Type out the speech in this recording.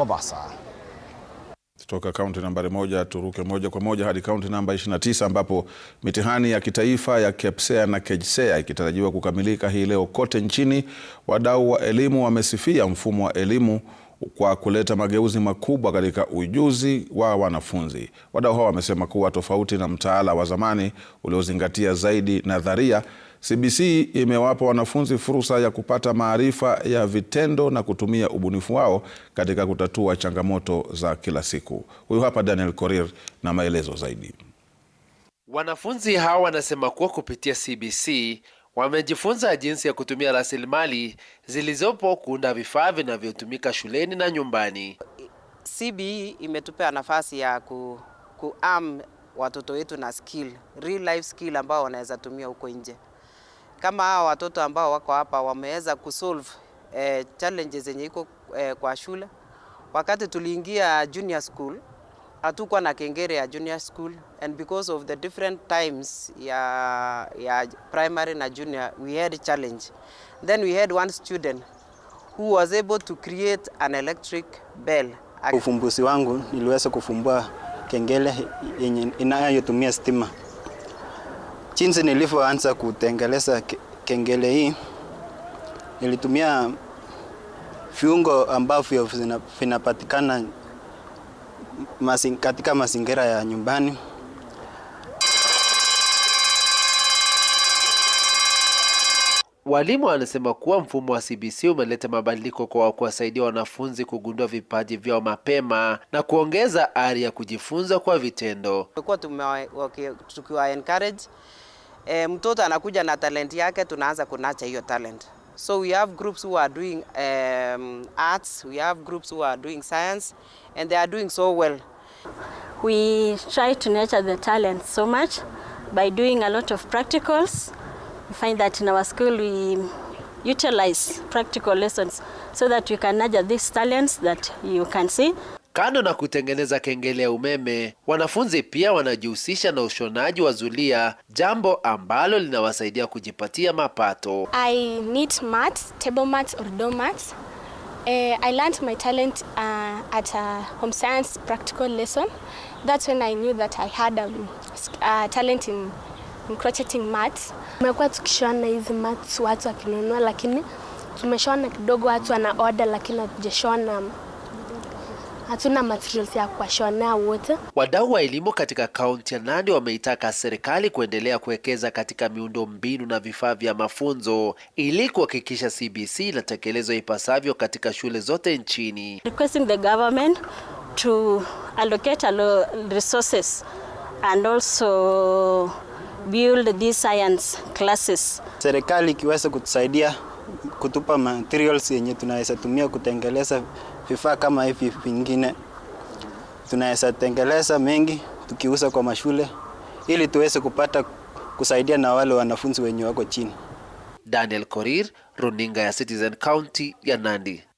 Mombasa. Kutoka kaunti nambari moja turuke moja kwa moja hadi kaunti namba 29 ambapo mitihani ya kitaifa ya KPSEA na KJSEA ikitarajiwa kukamilika hii leo kote nchini. Wadau wa elimu wamesifia mfumo wa elimu kwa kuleta mageuzi makubwa katika ujuzi wa wanafunzi. Wadau hao wamesema kuwa tofauti na mtaala wa zamani uliozingatia zaidi nadharia, CBC imewapa wanafunzi fursa ya kupata maarifa ya vitendo na kutumia ubunifu wao katika kutatua changamoto za kila siku. Huyu hapa Daniel Korir na maelezo zaidi. Wanafunzi hao wanasema kuwa kupitia CBC Wamejifunza jinsi ya kutumia rasilimali zilizopo kuunda vifaa vinavyotumika shuleni na nyumbani. CBE imetupea nafasi ya ku, arm watoto wetu na skill, real life skill ambao wanaweza tumia huko nje. Kama hawa watoto ambao wako hapa wameweza kusolve eh, challenges zenye iko eh, kwa shule. Wakati tuliingia junior school hatukuwa na kengere ya junior school and because of the different times ya, ya primary na junior we had challenge then we had one student who was able to create an electric bell ufumbuzi wangu niliweza kufumbua kengele yenye inayotumia stima jinsi nilivyoanza kutengeleza kengele hii nilitumia viungo ambavyo vinapatikana masing, katika mazingira ya nyumbani. Walimu anasema kuwa mfumo wa CBC umeleta mabadiliko kwa kuwasaidia wanafunzi kugundua vipaji vyao mapema na kuongeza ari ya kujifunza kwa vitendo. Tumekuwa tukiwa encourage e, mtoto anakuja na talenti yake, tunaanza kunacha hiyo talent. So we have groups who are doing um, arts, we have groups who are doing science, and they are doing so well. We try to nurture the talent so much by doing a lot of practicals. We find that in our school we utilize practical lessons so that you can nurture these talents that you can see. Kando na kutengeneza kengele ya umeme, wanafunzi pia wanajihusisha na ushonaji wa zulia, jambo ambalo linawasaidia kujipatia mapato. I need table or Uh, I learned my talent uh, at a home science practical lesson. That's when I knew that I had a, um, uh, talent in, in crocheting Tumekuwa tukishona hizi maths watu wakinunua, lakini tumeshona kidogo, watu wana order, lakini hatujashona um, hatuna materials ya kuwashonea wote. Wadau wa elimu katika kaunti ya Nandi wameitaka serikali kuendelea kuwekeza katika miundo mbinu na vifaa vya mafunzo ili kuhakikisha CBC inatekelezwa ipasavyo katika shule zote nchini. Requesting the government to allocate resources and also build these science classes. Serikali ikiweza kutusaidia kutupa materials yenye tunaweza tumia kutengeleza vifaa kama hivi vingine. Tunaweza tengeleza mengi tukiuza kwa mashule ili tuweze kupata kusaidia na wale wanafunzi wenye wako chini. Daniel Korir, Runinga ya Citizen County ya Nandi.